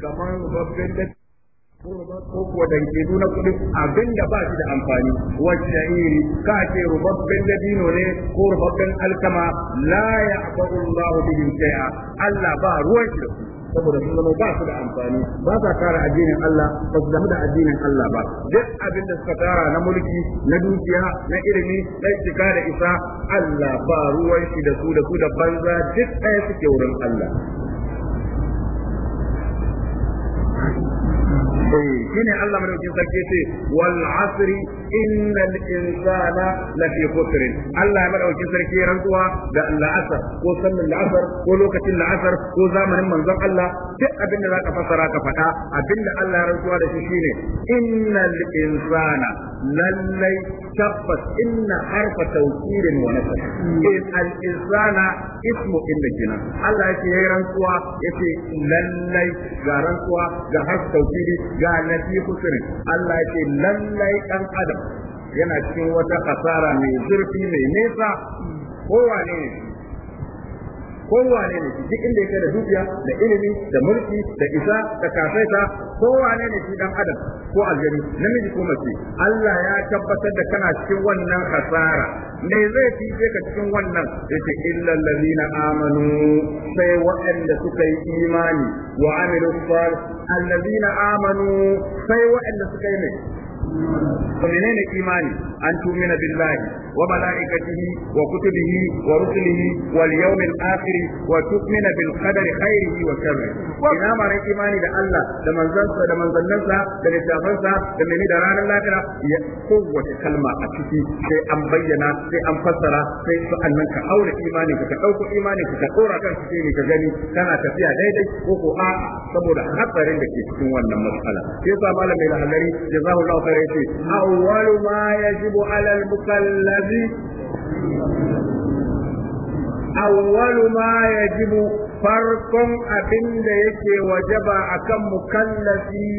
kamar babban da ko kuwa dangidu na kudi abin da ba shi da amfani wacce iri ka ce rubabben dabino ne ko rubabben alkama la ya abu Allah bihi shay'a Allah ba ruwan shi saboda sun zama ba su da amfani ba sa kara addinin Allah ba su zama da addinin Allah ba duk abin da suka tara na mulki na dukiya na ilimi na shika da isa Allah ba ruwan shi da su da su da banza duk ɗaya suke wurin Allah be shine Allah madaukakin sarki ce wal asri innal insana lafi khusr Allah madaukakin sarki rantsuwa da la'asar ko sannan la'asar ko lokacin la'asar ko zamanin manzon Allah duk abin da zaka fasara ka faɗa abin da Allah rantsuwa da shi shine innal insana lallai tabbas inna harfa tawkirin wa nasr in al insana ismu inda kina Allah yake yayi rantsuwa yace lallai ga rantsuwa ga harfa tawkiri ga fi khusrin Allah ya ce lallai dan adam yana cikin wata kasara mai zurfi mai nesa kowa ne kowane ne shi duk inda yake da dukiya da ilimi da mulki da isa da kafaita kowane ne shi dan adam ko aljani namiji ko mace Allah ya tabbatar da kana cikin wannan hasara me zai fice ka cikin wannan yace illa allazina amanu sai waɗanda suka yi imani wa amilu sal allazina amanu sai waɗanda suka yi ne menene imani an tumina billahi وملائكته وكتبه ورسله واليوم الآخر وتؤمن بالقدر خيره وشره إنا ما إيماني ده الله ده منزلسا ده منزلنسا ده لتافنسا ده مني ده رانا لاكرا قوة كلمة أكتي سي أم بينا سي أم فسرا سي سؤالنا كأول إيماني كتأوك إيماني كتأورا كان سيني كجاني كان تفيا دايدي وكو آآ سبو ده حقا رندك يسكون لما مسألة كيسا مالا ميلا هلري جزاه الله خير أول ما يجب على المكلف الذي أول ما يجب farkon abin da yake wajaba akan mukallafi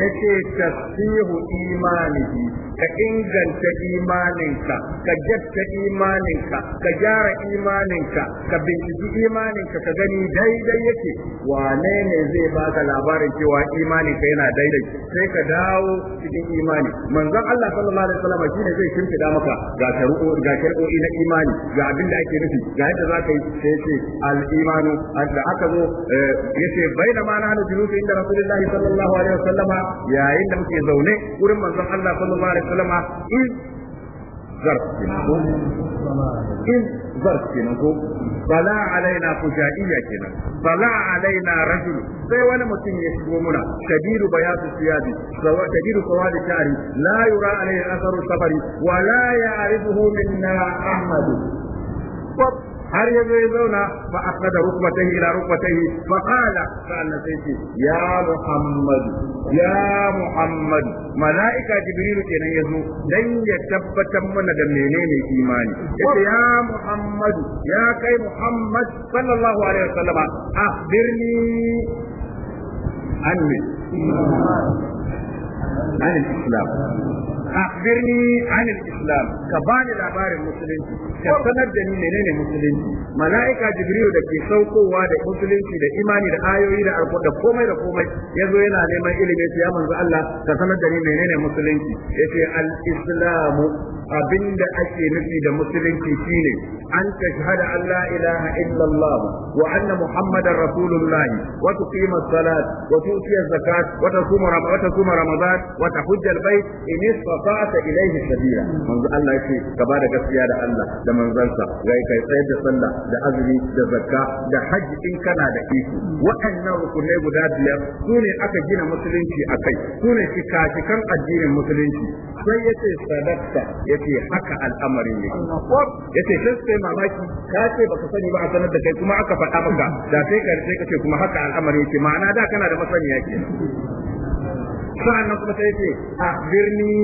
yake tasfihu imanihi ka inganta imaninka ka jatta imaninka ka gyara imaninka ka binciki imaninka ka gani daidai yake wane ne zai baka labarin cewa imaninka yana daidai sai ka dawo cikin imani manzon Allah sallallahu alaihi wasallam shine zai shimfida maka ga shari'o ga shari'o'i na imani ga abin da ake nufi ga yadda za ka yi sai ce al imanu da aka zo eh, yace bainama na julusu inda rasulullahi sallallahu alaihi wasallama yayin da muke zaune wurin manzon Allah sallallahu alaihi wasallam in zarf kenan ko iz zarf kenan ko bala alaina fujaiya kenan bala alaina rajul sai wani mutum ya shigo muna shadidu bayatu siyadi sawa shadidu sawadi shari la yura alaihi atharu safari wa la ya'rifuhu minna ahmadu har ya zai zauna fa da rukbatahi ila rukbatahi fa qala sa'an sai ce ya muhammad ya muhammad malaika jibril kenan yazo dan ya tabbatar mana da menene imani yace ya muhammad ya kai muhammad sallallahu alaihi wasallama akhbirni anni an islam akhbirni anil islam ka bani labarin musulunci ka sanar da ni menene musulunci malaika jibril da ke saukowa da musulunci da imani da ayoyi da alƙur da komai da komai yazo yana neman ilimi ya manzo Allah ka sanar da ni menene musulunci yace al islamu abinda ake nufi da musulunci shine an tashhada an la ilaha illallah wa anna muhammadar rasulullah wa tuqima salat wa tu'ti zakat wa tasuma wa tasuma ramadan wa tahujja al-bayt in istata'ta ilayhi sabila manzo Allah yake gaba da gaskiya da Allah da manzansa gai kai tsayar da sallah da azumi da zakka da hajji in kana da iko waɗannan rukunai guda biyar su ne aka gina musulunci akai su ne shika-shikan addinin musulunci sai yace sadaqta ya yake haka al'amarin yake yace sai sai mamaki ka ce baka sani ba a sanar da kai kuma aka faɗa maka da sai ka sai kuma haka al'amarin yake ma'ana da kana da masaniya kenan sa'annan kuma sai ce akhbirni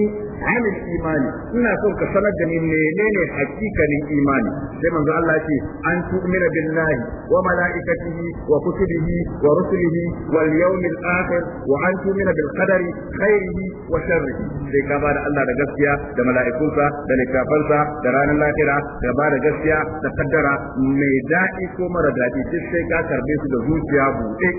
an imani ina son ka sanar da ni menene hakikanin imani sai manzo Allah ce an tu'mina billahi wa malaikatihi wa kutubihi wa rusulihi wal yawmil akhir wa an tu'mina bil qadari khairihi wa sharrihi sai ka bada Allah da gaskiya da mala'ikunsa da littafansa da ranar lahira da bada gaskiya da kaddara mai daɗi ko mara daɗi duk sai ka karbe su da zuciya buɗe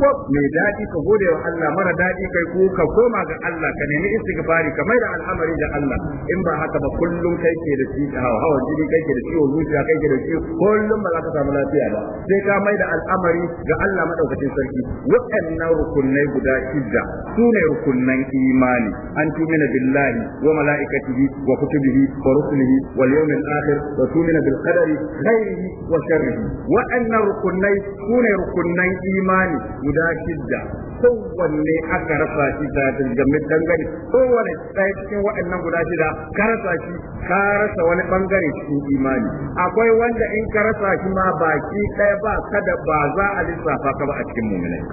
ko mai daɗi ka gode wa Allah mara daɗi kai ko ka koma ga Allah ka nemi istighfari ka mai da al'amari ga Allah in ba haka ba kullum kai ke da shi hawan jini kai ke da ciwo zuciya kai ke da ciwo kullum ba za ka samu lafiya ba sai ka mai da al'amari ga Allah madaukakin sarki waannan rukunai guda shidda su ne imani an tumina billahi wa mala'ikatihi wa kutubihi wa rusulihi wal yawmil akhir wa tumina bil qadari khairihi wa sharrihi waɗannan rukunai su ne imani guda shidda kowanne aka rasa shi da jirgin dangane kowanne yi cikin waɗannan guda shida ka rasa shi ka rasa wani bangare cikin imani akwai wanda in ka rasa shi ma baki ɗaya ba kada ba za a lissafa ka ba a cikin mu'minai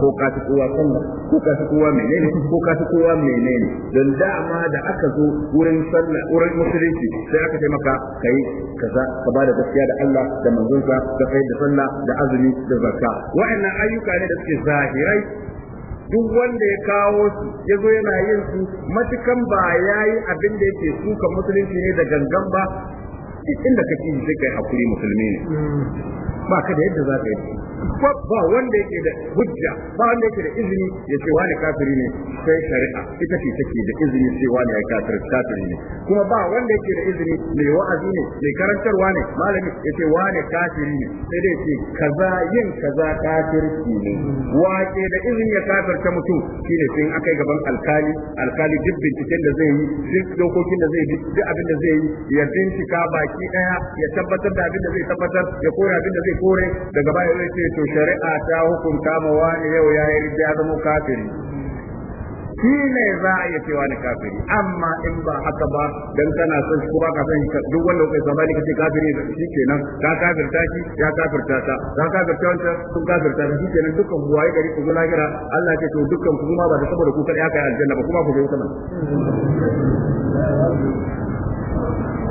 ko ka kowa sallah ko ka kowa menene ko ka kowa menene don dama da aka zo wurin sallah wurin musulunci sai aka taimaka ka yi kasa ka bada gaskiya da Allah da manzonsa ka kai da sallah da azumi da zakka wa'annan ayyuka ne da suke zahirai duk wanda ya kawo su ya zo yana yin su matukan ba ya yi abin da yake suka musulunci ne da gangan ba duk inda kake yi sai kai hakuri musulmi ne hmm. ba ka da yadda za ka yi ba wanda yake da hujja ba wanda yake da izini ya ce wani kafiri ne sai shari'a ita ce take da izini sai wani ya kafir kafiri ne kuma ba wanda yake da izini mai wa'azi ne mai karantarwa ne malami ya ce wani kafiri ne sai dai ce kaza yin kaza kafirci ne wake da izini ya kafirta mutum shine sai akai gaban alkali alkali duk binciken da zai yi duk dokokin da zai yi duk abin da zai yi ya bincika baki daya ya tabbatar da abin da zai tabbatar ya koya abin da zai kore daga baya zai ce to shari'a ta hukunta ma wani yau ya yi ya zama kafiri shi ne za a iya cewa ni kafiri amma in ba haka ba dan kana son shi kuma ka san duk wanda kai zama ne kace kafiri da shi kenan ka kafirta shi ya kafirta ta ka kafirta wancan sun kafirta shi kenan dukkan ku waye gari ku zo lahira Allah ce to dukkan ku kuma ba da saboda ku kada aka yi aljanna ba kuma ku je sama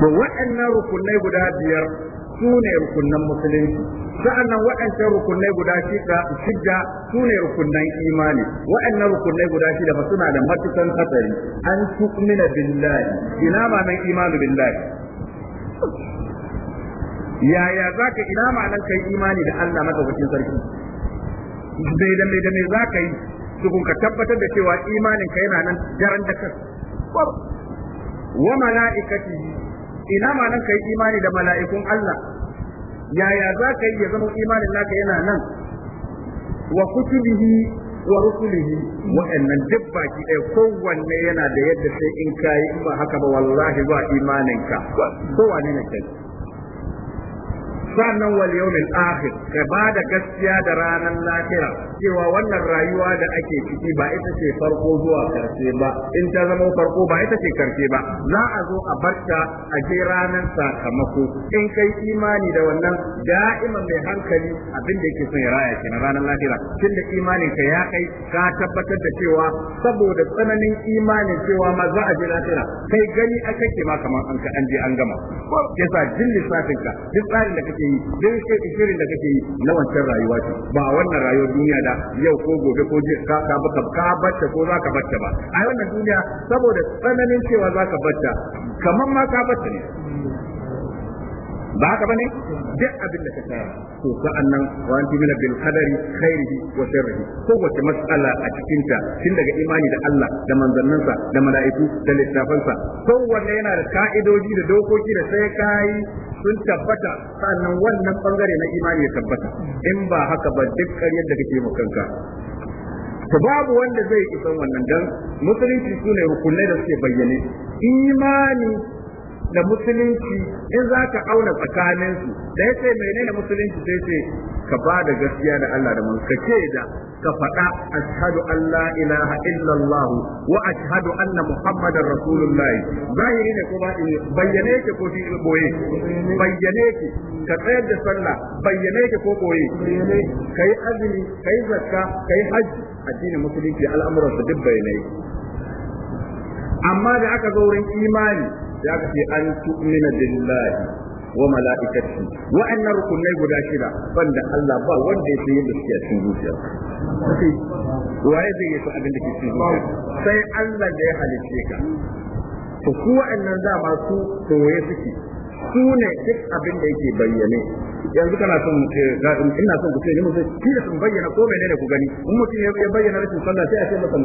to waɗannan rukunai guda biyar su ne rukunan musulunci sa'annan waɗancan rukunai guda shida su ne rukunan imani waɗannan rukunai guda shida ba suna da matukan hatsari an tukmina billahi ina ma nan imanu billahi yaya zaka ina ma nan kai imani da Allah madaukakin sarki bai da mai da mai zaka yi tukun ka tabbatar da cewa imanin ka yana nan daren da kan wa mala'ikatihi ina ma nan kai imani da mala'ikun Allah yaya za ka yi ya zama imanin naka yana nan wa kutubihi wa rusulihi wa'annan duk baki ɗaya kowanne yana da yadda sai in kayi in ba haka ba wallahi ba imaninka kowanne ne kai sannan wal yawmil akhir ka da gaskiya da ranar lahira cewa wannan rayuwa da ake ciki ba ita ce farko zuwa karshe ba in ta zama farko ba ita ce karshe ba za a zo a barta a je ranar sakamako in kai imani da wannan da'iman mai hankali abin da yake son ya raya ke na ranar lahira tun da imanin ka ya kai ka tabbatar da cewa saboda tsananin imanin cewa ma za a je lahira kai gani aka ke ma kamar an ka an je an gama yasa jin lissafinka duk tsarin da kake yi duk shirin da kake yi na wancan rayuwa ce ba wannan rayuwar duniya da yau ko gobe ko jiya ka ka baka ka bacce ko za ka bacce ba a wannan duniya saboda tsananin cewa za ka bacce kamar ma ka bacce ne ba haka bane duk abin da ka tsaya to sa'annan wa anti min bil qadari khairihi wa sharrihi ko wace mas'ala a cikin ta tun daga imani da Allah da manzanninsa da mala'iku da littafansa kowanne yana da ka'idoji da dokoki da sai kai sun tabbata sannan wannan bangare na imani ya tabbata in ba haka ba duk ƙaryar da kake makanka to babu wanda zai isan wannan dan musulunci sune hukunai da suke bayyane imani da musulunci in za ka auna tsakaninsu da ya ce nuna musulunci sai ce ka ba da gaskiya da Allah da manzo ka da ka faɗa a an la ilaha illallah wa ashhadu anna muhammadar rasulullah zahiri ne ko ba bayyane ke ko shi boye bayyane ke ka tsayar da sallah bayyane ke ko boye yi azumi kai zakka yi hajji addinin musulunci al'amuransa duk bayyane amma da aka zo wurin imani ya kace an tu'mina billahi wa wa anna rukunai guda shida banda Allah ba wanda yake yin da suke cikin zuciya waye zai yi abin da ke cikin zuciya sai Allah da ya halice ka to ku wa'annan ba su koye suke su ne duk abin da yake bayyane yanzu kana son eh, ina son ku ce ni mutum ki da sun bayyana ko menene ku gani in mutum ya bayyana rashin sallah sai a ce masa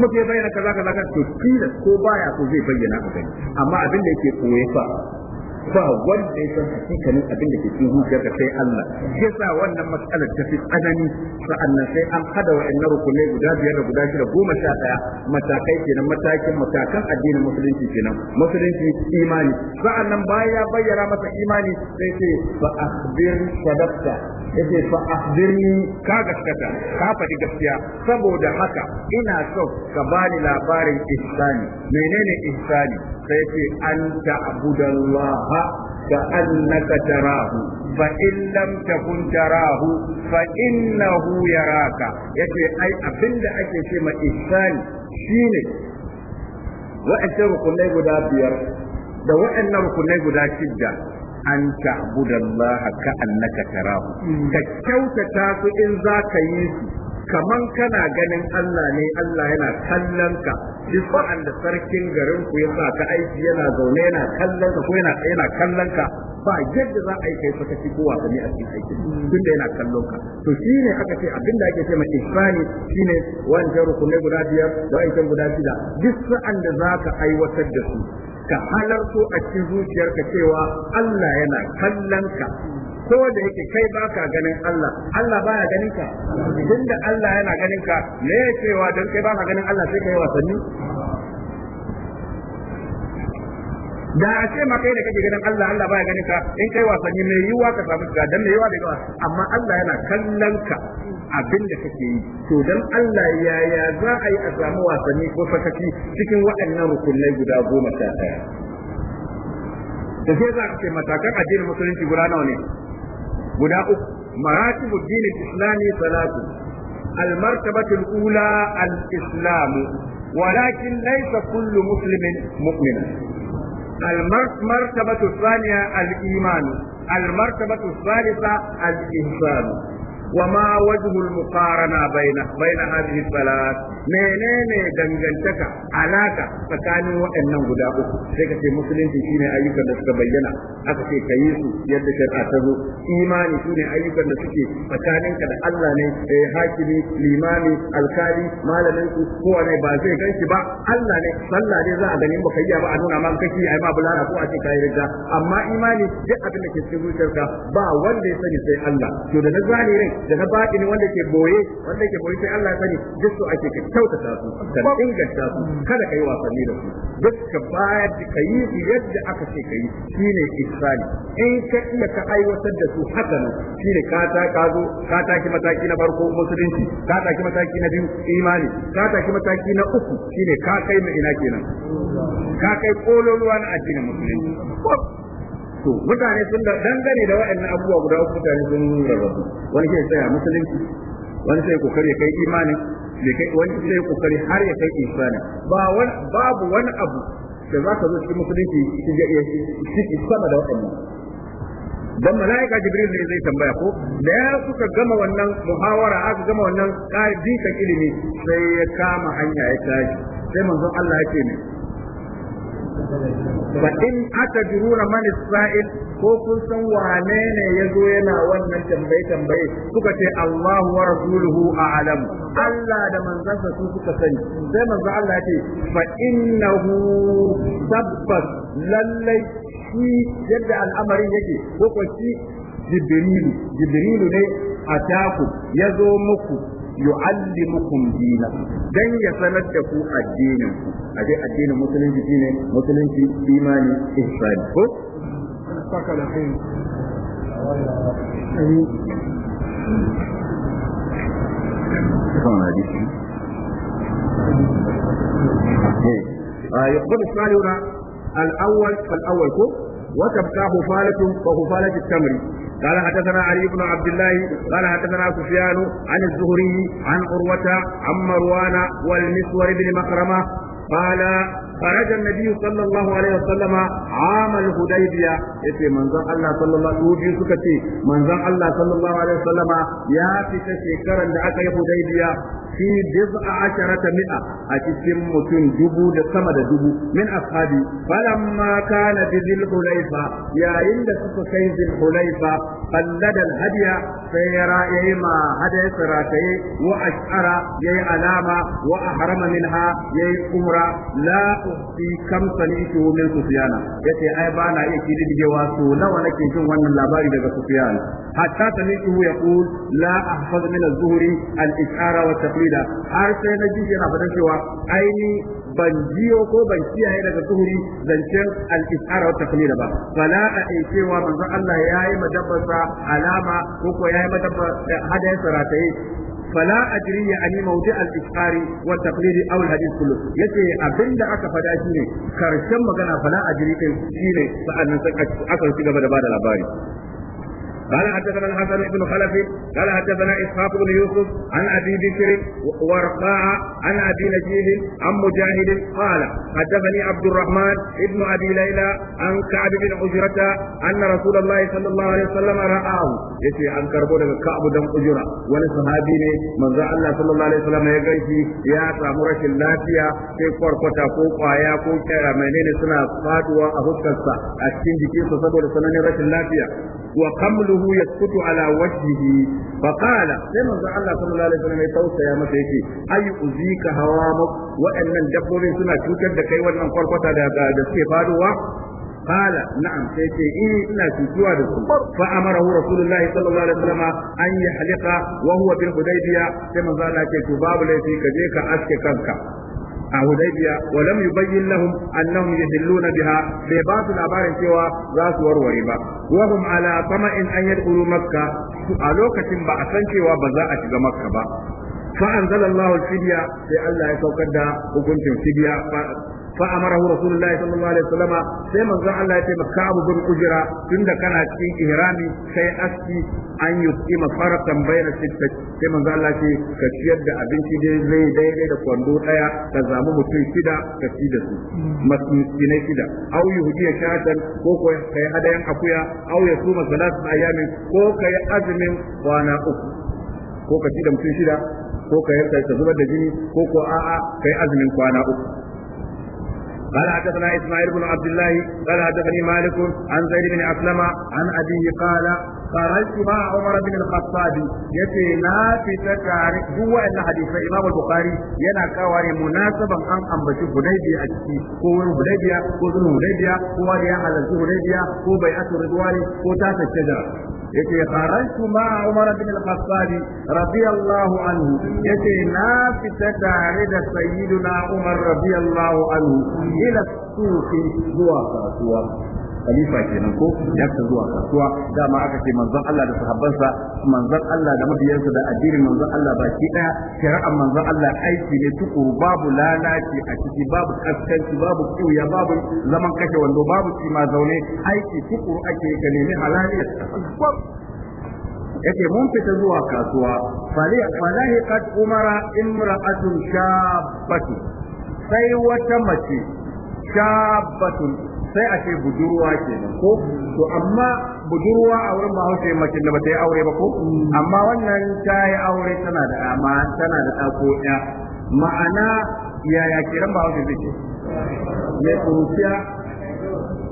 mutum ya bayyana kaza kaza ka to ki da ko baya ko zai bayyana ku gani amma abin da yake koye fa ba wanda ya san hakikanin abin da ke cikin hujjar da sai Allah yasa wannan matsalar ta fi tsanani sa'annan sai an hada wa'annan rukunai guda biyar da guda shida goma sha daya matakai kenan matakin matakan addinin musulunci kenan musulunci imani sa'annan bayan ya bayyana masa imani sai ce fa akhbir sadaqta yace fa akhbirni ka gaskata ka faɗi gaskiya saboda haka ina so ka bani labarin ihsani menene ihsani sai ce an ta'budallaha كأنك تراه فإن لم تكن تراه فإنه يراك يتي أي ake أكي شما إحسان شيني وأنت ركني قدا بير da wa'annan rukunai guda shidda an ta'budallaha annaka tarahu hmm. ka kyautata in za ka yi su kaman kana ganin Allah ne Allah yana kallon ka duk da sarkin garin ku ya sa ka aiki yana zaune yana kallon ka ko yana yana kallon ka ba yadda za a yi kai saka ci kowa ne a cikin aiki duk da yana kallon ka to shine aka ce abinda ake ce mai ihsani shine wancan rukunai guda biyar da guda shida duk sa'an da za ka aiwatar da su ka halarto a cikin zuciyarka cewa Allah yana kallon ka ko da yake kai baka ganin Allah Allah baya ganin ka da Allah yana ganin ka me cewa dan kai baka ganin Allah sai kai wasanni da a ce maka kai da kake ganin Allah Allah baya ganin ka in kai wasanni mai yiwa ka samu ga dan mai yiwa da gawa amma Allah yana kallon ka abin da kake yi to dan Allah yaya za a yi a samu wasanni ko sakaci cikin waɗannan rukunai guda goma sha ɗaya da sai za a ce matakan addinin musulunci guda nawa ne غدا مراتب الدين الاسلامي ثلاثه المرتبه الاولى الاسلام ولكن ليس كل مسلم مؤمنا المرتبه الثانيه الايمان المرتبه الثالثه الانسان وما وجه المقارنة بين بين هذه الثلاث menene dangantaka alaka tsakanin waɗannan guda uku sai ka ce musulunci shine ayyukan da suka bayyana aka ce ka yi su yadda shari'a ta imani shine ayyukan da suke tsakaninka da Allah ne eh hakimi limami alkali malamin ku kowa ba zai ganshi ba Allah ne sallah ne za a gani ba kai a nuna ma a ai ma bulara ko a ce kai amma imani duk abin da ke cikin ba wanda ya sani sai Allah to da na zalirin da na ni wanda ke boye wanda ke boye sai Allah ya sani duk su ake ka kyautata su ka inganta su kada ka kai wasanni da su duk ka bayar da kai yadda aka ce kai shine ihsani in ka iya ka aiwatar da su haka nan shine ka ta ka zo ka ki mataki na farko musulunci ka ta ki mataki na biyu imani ka ta ki mataki na uku shine ka kai mai ina kenan ka kai kololuwa na addinin musulunci to mutane sun da dangane da waɗannan abubuwa guda uku mutane sun su wani ke tsaya musulunci wani sai kokari kai imani wani sai kokari har ya kai imani ba wani babu wani abu da za ka zo cikin musulunci shi ga iya shi sama da waɗannan dan malaika jibril ne zai tambaya ko da ya suka gama wannan muhawara aka gama wannan ƙarfi ilimi sai ya kama hanya ya tashi sai manzon Allah yake ne fa in atadruna man Isra'il ko kun san wane ne zo yana wannan tambaye tambaye suka ce Allahu wa rasuluhu a'lam Allah da manzansa su suka sani sai manzo Allah ce fa innahu tabbas lallai shi yadda al'amarin yake ko ko shi jibrilu jibrilu ne ataku zo muku yu'allimukum dinakum dan ya sanar da ku addinin ku aje addinin musulunci shine musulunci imani ihsan ko يقول الصالحون الأول فالأول كو وتبقى خفالة وخفالة التمر قال حدثنا علي بن عبد الله قال حدثنا سفيان عن الزهري عن عروة عن مروان والمسور بن مخرمة قال خرج النبي صلى الله عليه وسلم عام الهديبية يتي منزل الله صلى الله عليه وسلم سكتي منزل الله صلى الله عليه وسلم يا في شكرا لأكا هديبية في بضع عشرة مئة أتسم متن دبو لسمد دبو من أصحابي فلما كان بذي الحليفة يا إلا سكتين ذي الحليفة قلد الهدي سيرا يما هدي سراتي وأشعر يي علامة وأحرم منها يي أمرا al-kubra la usi kam sami'tu min sufyan yace ai ba na iya kididigewa so nawa nake jin wannan labari daga sufyan hatta ya yaqul la ahfaz min az-zuhri al-ish'ara wa taqlida har sai na ji yana fadan cewa ni ban jiyo ko ban kiyaye daga zuhuri zancen al-ishara wa taqlida ba fala a cewa manzo Allah yayi madabbasa alama ko ko yayi madabbar eh, hadayen sarataye fala ajri ani mawdi al-ifari wa taqlidi aw al-hadith kullu yace abinda aka fada shine karshen magana fala ajri kai shine sa'annan aka ci gaba da ba da labari قال حدثنا الحسن بن خلف قال حدثنا اسحاق بن يوسف عن ابي بكر ورقاع عن ابي نجيه عن مجاهد قال حدثني عبد الرحمن بن ابي ليلى عن كعب بن أجرة ان رسول الله صلى الله عليه وسلم راه يتي عن كربون كعب بن أجرة ولصحابي من راى الله صلى الله عليه وسلم يغيث يا سامو رشي لافيا في فرقطا كو قايا كو كيرا منين سنا فادوا افكسا اكين ديكي سو سبو سنن رشي لافيا وقملوا كله يسقط على وجهه فقال كما الله صلى الله عليه وسلم يتوسى يا متى يكي أي أزيك هوامك وأن الدبور سنة توتر دكي وأن فرقة دسكي فادوا قال نعم سيتي إيه إلا تنسوا لكم فأمره رسول الله صلى الله عليه وسلم أن يحلق وهو بالحديبية كما قال لك تباب لي في كجيك أسك كنك a hudaybiya wa lam yubayyin lahum annahum yahilluna biha bai ba su labarin cewa za su warware ba wa hum ala tama'in an yadkhulu makka a lokacin ba a san cewa ba za a shiga makka ba fa anzalallahu al-fidya sai Allah ya saukar da hukuncin fidya fa amara rasulullahi sallallahu alaihi wasallam sai manzon Allah ya ce maka abu bin ujira kana cikin ihrami sai aski an yusima faratan bayna sittati sai manzon Allah ce ka siyar da abinci daidai daidai da kwando daya ka zamu mutum shida ka ci da su maskinai shida au yuhdiya shatan ko kai hadayan akuya au yasuma salatu ayamin ko kai azumin kwana uku ko ka mutum shida ko ka yanka zubar da jini ko a'a kai azumin kwana uku قال حدثنا اسماعيل بن عبد الله قال حدثني مالك عن زيد بن اسلم عن ابيه قال خرجت مع عمر بن الخطاب يتي لا تتكاري هو ان حديث امام البخاري ينا كواري مناسبا ان امبشي حديبيه اشكي كو حديبيه كو ذو حديبيه كو ريا على ذو حديبيه كو بيعه الرضوان كو تاس الشجره yace kharajtu ma Umar bin al-Khattab radiyallahu anhu yace na fita tare da sayyiduna Umar radiyallahu anhu ila sufi zuwa kasuwa khalifa kenan ko ya zuwa kasuwa dama aka ce manzon Allah da sahabbansa manzon Allah da mabiyansa da addinin manzon Allah baki daya shari'ar manzon Allah aiki ne tukuru babu lalaci a ciki babu kaskanci babu kiuya babu zaman kashe wando babu cima zaune aiki tukuru ake ka nemi halaliyar yake mun fita zuwa kasuwa falahi qad umara imra'atun shabbatu sai wata mace shabbatun sai a ce budurwa kenan ko to amma budurwa a wurin bahaushe mace da bata yi aure ba ko amma wannan ta yi aure tana da amma tana da ɗako ɗaya ma'ana yaya kiran bahaushe zai ce mai kuruciya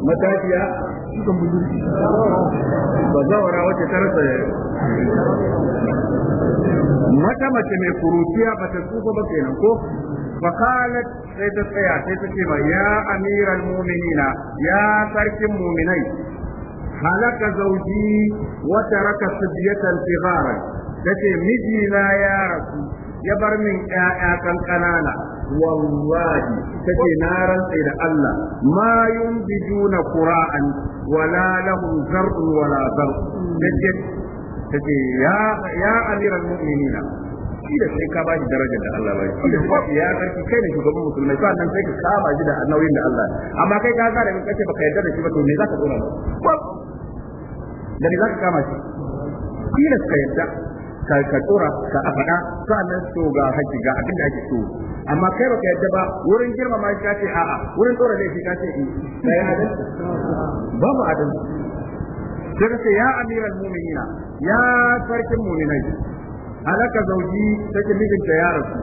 matafiya cikin budurci ba za zawara wacce ta rasa mata mace mai kuruciya ba ta tsufa ba kenan ko فقالت سيدة سيا سيدة يا أمير المؤمنين يا ترك المؤمنين هلك زوجي وترك سبية صغارا تتي مجي لا يا رسول يبر من آيات قنانا والله تتي نارا إلى الله ما ينبجون قراء ولا لهم زرع ولا ضرب تتي يا يا أمير المؤمنين shi da sai ka ba shi darajar da Allah ba shi ya sarki kai ne shugaban musulmai to nan sai ka kama shi da nauyin da Allah amma kai ka zara kace baka yarda da shi ba to me zaka tsora ba da me zaka kama shi shi da ka yarda ka ka tsora ka a faɗa sa'annan so ga haƙi ga abin da ake so amma kai baka yarda ba wurin girma girmama shi kace a'a wurin tura tsora laifi kace eh sai adalci babu adalci sai ka ce ya amiral mu'minina ya sarkin mu'minai halaka zauji take mijinta ya rasu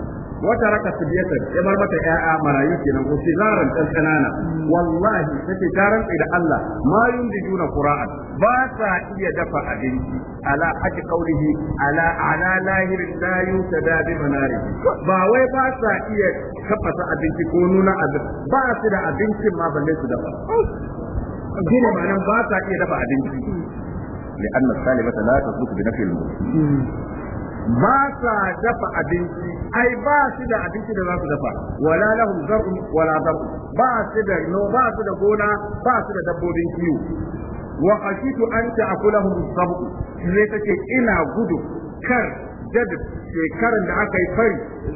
wata raka sibiyata ya bar mata ƴaƴa marayu kenan ko sigaran ɗan ƙanana wallahi take ta rantsa da Allah ma juna qura'an ba sa iya dafa abinci ala haji qaulihi ala ala lahir la yutada bi manari ba wai ba sa iya kafasa abinci ko nuna abinci ba su da abincin ma balle su dafa ba nan ba sa iya dafa abinci لأن السالبة لا تسلك بنفي الموت ba sa dafa abinci ai ba su da abinci da za su dafa wala lahum zar'un wala zar'un ba su da no ba su da gona ba su da dabbobin kiwo wa khashitu an ta'kulahum sabu sai take ina gudu kar jad shekaran da aka yi fari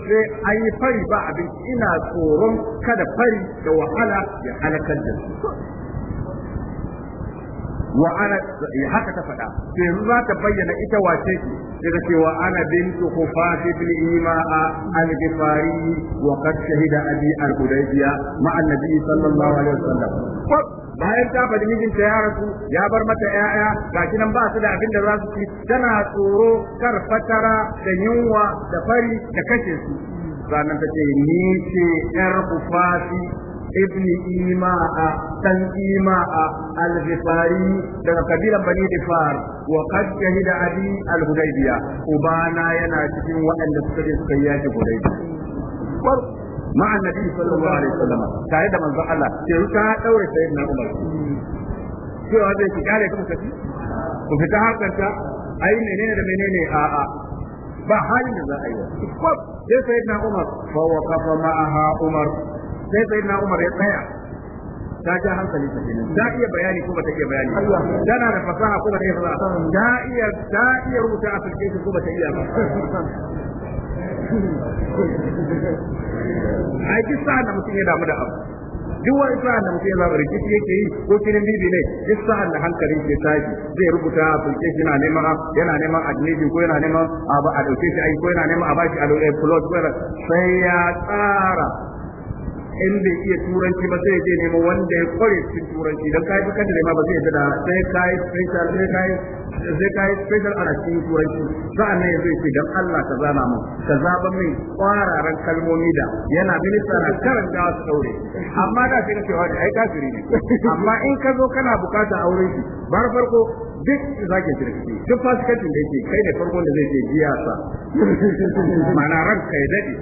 sai an yi fari ba abinci ina tsoron kada fari da wahala ya halakar da su wa ana eh, haka ta faɗa yanzu za ta bayyana ita wace ce daga cewa ana bintu khufati bil ima'a al ghifari wa qad shahida abi al hudaybiya ma annabi sallallahu alaihi wasallam bayan ta faɗi mijinta ya rasu ya bar mata ‘ya'ya gashi nan ba su da abin da za su ci tana tsoro kar fatara da yunwa da fari da kashe su sannan ta ce ni ce ‘yar kufafi ابن إيماء سن إيماء الغفاري daga kabilan bani difar wa qad shahida abi al-hudaybiya ubana yana cikin waɗanda suka je suka yaki hudaybiya مع النبي صلى الله عليه وسلم تعيد من ذا الله تلقى دورة سيدنا عمر شو هذا الشيء عليكم كثير وفي تحقق أي منين منين آآ آآ ba halin da za a yi wa sai sai na umar umar sai sai na umar ya tsaya ta ja hankali ta kenan ta iya bayani ko ta iya bayani tana da fasaha ko ta iya fasaha ta iya ta iya rubuta application ko ta iya ba ai ki sa da mutum ya damu da abu duk wani sa'an da mutum ya zama rikici yake yi ko kinin bibi ne duk sa'an da hankalin ke tashi zai rubuta application yana nema yana neman admission ko yana neman a dauke shi ai ko yana neman a bashi a eh, plot sai ya tsara in bai iya turanci ba sai je nemo wanda ya kware cikin turanci dan kai kada ne ma ba zai da sai kai special sai kai sai kai special a cikin turanci sa'an ne zai ce dan Allah ka zana mu ka zaba min kwararan kalmomi da yana minista na karan da su daure amma da sai kace wani ai kafiri ne amma in ka zo kana bukata aure shi bar farko duk zaki kirki duk fasikacin da yake kai ne farkon da zai je jiya sa mana ranka ya dade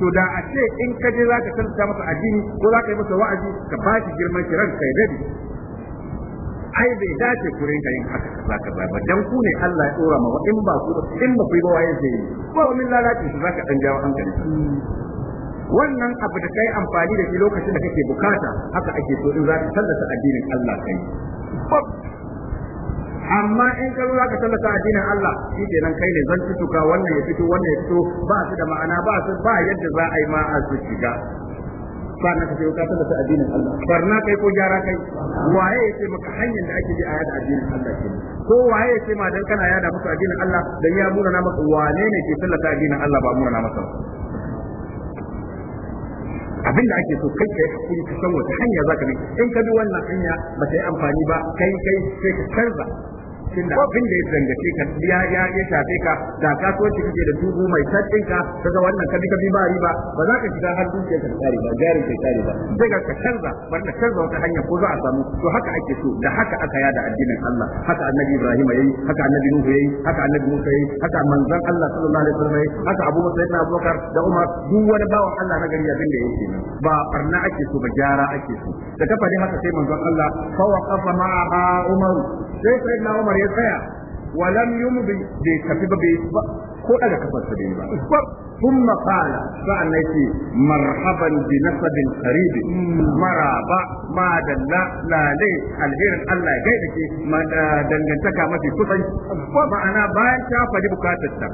to da a ce in ka je zaka tantance masa addini ko zaka yi masa wa'azi ka ba shi girman shi ranka ya dade ai bai dace ku rinka yin haka kaza kaza ba dan ku ne Allah ya tsora ma wa in ba ku in ba ku yi ba waye zai yi ba min lalaci su zaka dan jawo hankali wannan abu da kai amfani da shi lokacin da kake bukata haka ake so in za ka tallata addinin Allah kai amma in ka zo zaka tallata addinin Allah shi kenan kai ne zan tutuka wannan ya fito wannan ya fito ba su da ma'ana ba su ba yadda za a yi ma a su shiga sannan ka ka tallata addinin Allah barna kai ko gyara kai waye ya ce maka hanyar da ake bi a yada addinin Allah ke ko waye ya ce ma dan kana yada musu addinin Allah dan ya muna na maka wane ne ke tallata addinin Allah ba muna na masa abin da ake so kai ka yi ka san wata hanya za ka bi in ka bi wannan hanya ba ta yi amfani ba kai kai sai ka canza tunda abin da ya zangace ka ya ya ya ka da kasuwanci kake da dubu mai tsaddin ka kaga wannan kabi kabi ba riba ba za ka shiga har dukiya ka tsari ba jarin ka tsari ba sai ga ka canza bar ka canza wata hanya ko za a samu to haka ake so da haka aka da addinin Allah haka annabi Ibrahim yayi haka annabi Nuhu yayi haka annabi Musa yayi haka manzon Allah sallallahu alaihi wasallam yayi haka Abu Musa ibn Abubakar da Umar duk wani bawan Allah na gari abin da yake ba barna ake so ba gyara ake so da kafa dai haka sai manzon Allah fa waqafa a Umar sai sai na Umar ya tsaya walam yi mu bai tafi ba bai ba ko daga kafar sa ba ba tun makala sa'annan ke marhaban bi nasabin karibi maraba ma da lalai alherin Allah ya gaida ke dangantaka mafi kusan ba ma'ana bayan ta faɗi bukatar ta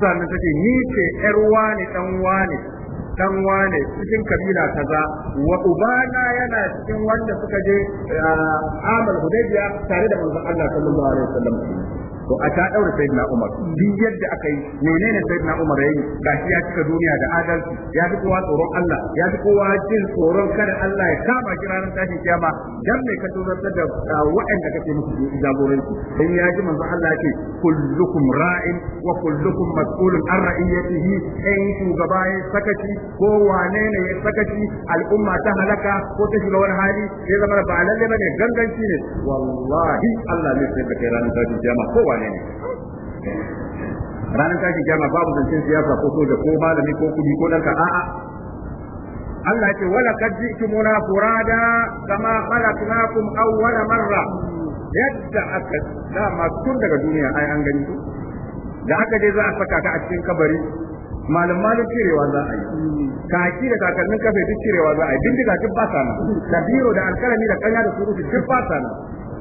sannan ta ni ce ƴar wani ɗan wani dan wane cikin kabila kaza wa ubana yana cikin wanda suka je eh, amal hudaybiya tare da manzon Allah sallallahu alaihi wasallam to a ta daura na Umar duk yadda aka yi menene na Umar yayi gashi ya cika duniya da adalci ya fi kowa tsoron Allah ya fi kowa jin tsoron kada Allah ya kama ki ranar tashin kiyama dan me ka tozartar da waɗanda kake musu jagoranci dan ya ji manzo Allah ya ce kullukum ra'in wa kullukum mas'ulun an ra'iyatihi in shugaba ya sakaci ko wane ne ya sakaci al'umma ta halaka ko ta shiga wani hali sai zama ba lalle bane ganganci ne wallahi Allah ne sai ka kai ranar tashin kiyama wani ne ranar tashin kiyama babu zancen siyasa ko soja ko malami ko kudi ko dan a'a Allah ce wala kad ji'tumuna furada kama khalaqnakum awwala marra yadda aka masu tun daga duniya ai an gani da aka je za a saka ka a cikin kabari malam malam cirewa za a yi kaki da kakannin kafe duk cirewa za a yi bindiga duk ba na. da biro da alkalami da kanya da surutu duk ba na.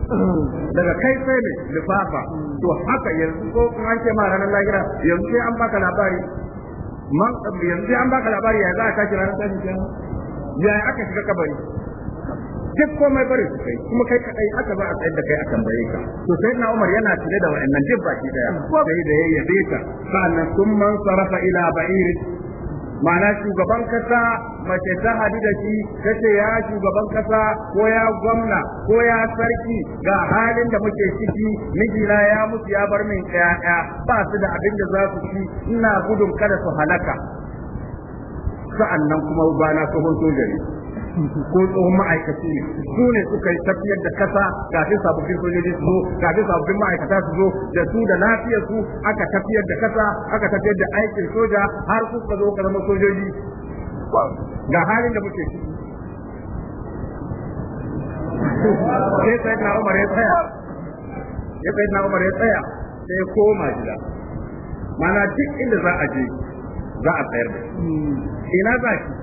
daga kai sai ne lifafa to haka yanzu ko kuma an ce ma ranar lahira yanzu sai an baka labari man yanzu an baka labari ya za a tashi ranar tashi kenan ya aka shiga kabari duk komai bari su kai kuma kai kadai aka ba a tsayar da kai a tambaye ka to sai na Umar yana tare da wa'annan duk baki daya sai da yayyabe ka sannan sun man sarafa ila ba'ir ma'ana shugaban kasa mace ta hadu da shi kace ce ya shugaban kasa ko ya gwamna ko ya sarki ga halin da muke ciki mijina ya mutu ya bar min ƴaƴa ba su da abin da za su ci ina gudun kada su halaka sa'annan kuma ba na tsohon soja ne ko tsohon ma'aikaci ne su ne suka yi tafiyar da kasa fi sababbin sojoji su zo fi sababbin ma'aikata su zo da su da lafiyar su aka tafiyar da kasa aka tafiyar da aikin soja har kuka zo ka zama sojoji ga halin da muke ciki sai sai na umar ya tsaya ya sai na umar ya tsaya sai ya koma gida mana duk inda za a je za a tsayar da ina za shi